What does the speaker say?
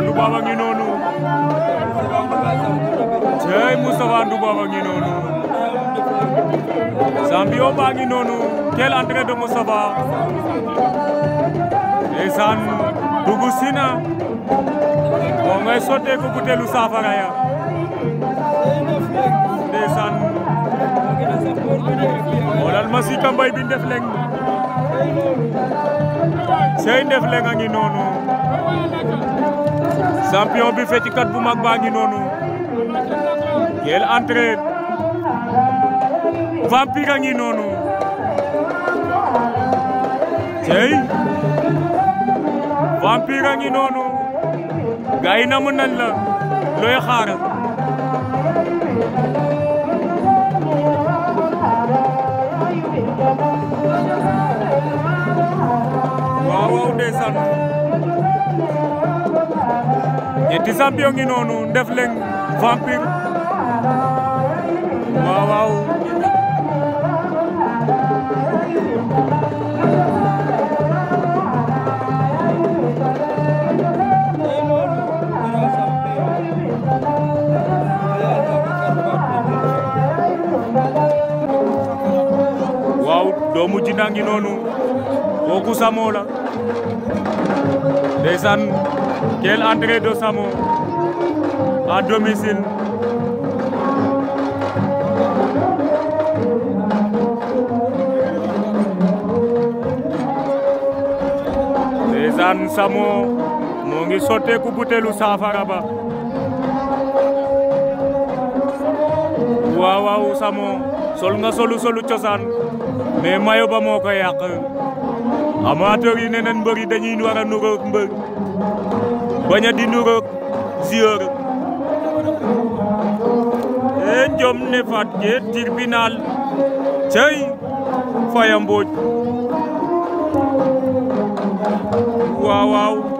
Moustapha Ndoubaba ngi noonu cey Moustapha Ndoubaba ngi noonu Zambio baa ngi noonu quel entrée de Moustapha ndeysaan dugg si na moo ngay sottee ko buteelu saafara ya ndeysaan xoolal ma si bi ndef leng Sey Ndefleng a ngi noonu champion bi feccikat bu mag baa ngi noonu quelle entrée vampire a ngi noonu sey vampire a ngi noonu gaa yi namu la looy xaar ndeysaan ñetti champion ngi noonu Ndefleng Vampire waaw waaw doomu jinaa noonu kooku Samo la ndeysaan Samo à domicile ndeysaan Samo moo ngi sotteeku butelu saafara ba waaw waaw Samo sol nga solu solu cosaan mais mayo ba moo ko amateur yi nee nañ mbër yi dañuy war a nuróog mbër bañ a di nuróog sieur e njom ne fat ke tribunal cey faya mbooj waaw waaw